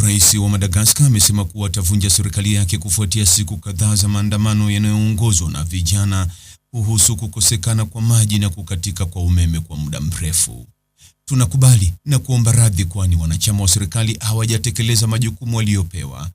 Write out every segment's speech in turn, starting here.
Rais wa Madagascar amesema kuwa atavunja serikali yake kufuatia siku kadhaa za maandamano yanayoongozwa na vijana kuhusu kukosekana kwa maji na kukatika kwa umeme kwa muda mrefu. Tunakubali na kuomba radhi kwani wanachama wa serikali hawajatekeleza majukumu waliyopewa,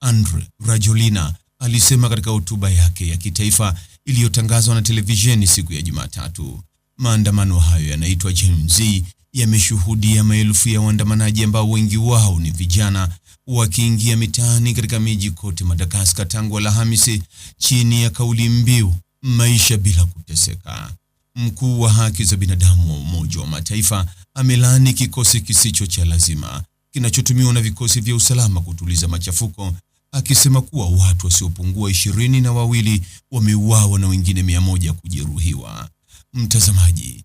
Andre Rajolina alisema katika hotuba yake ya kitaifa iliyotangazwa na televisheni siku ya Jumatatu. Maandamano hayo yanaitwa Gen Z yameshuhudia maelfu ya waandamanaji ambao wengi wao ni vijana wakiingia mitaani katika miji kote Madagaskar tangu Alhamisi chini ya kauli mbiu maisha bila kuteseka. Mkuu wa haki za binadamu wa Umoja wa Mataifa amelaani kikosi kisicho cha lazima kinachotumiwa na vikosi vya usalama kutuliza machafuko, akisema kuwa watu wasiopungua ishirini na wawili wameuawa na wengine mia moja kujeruhiwa. Mtazamaji,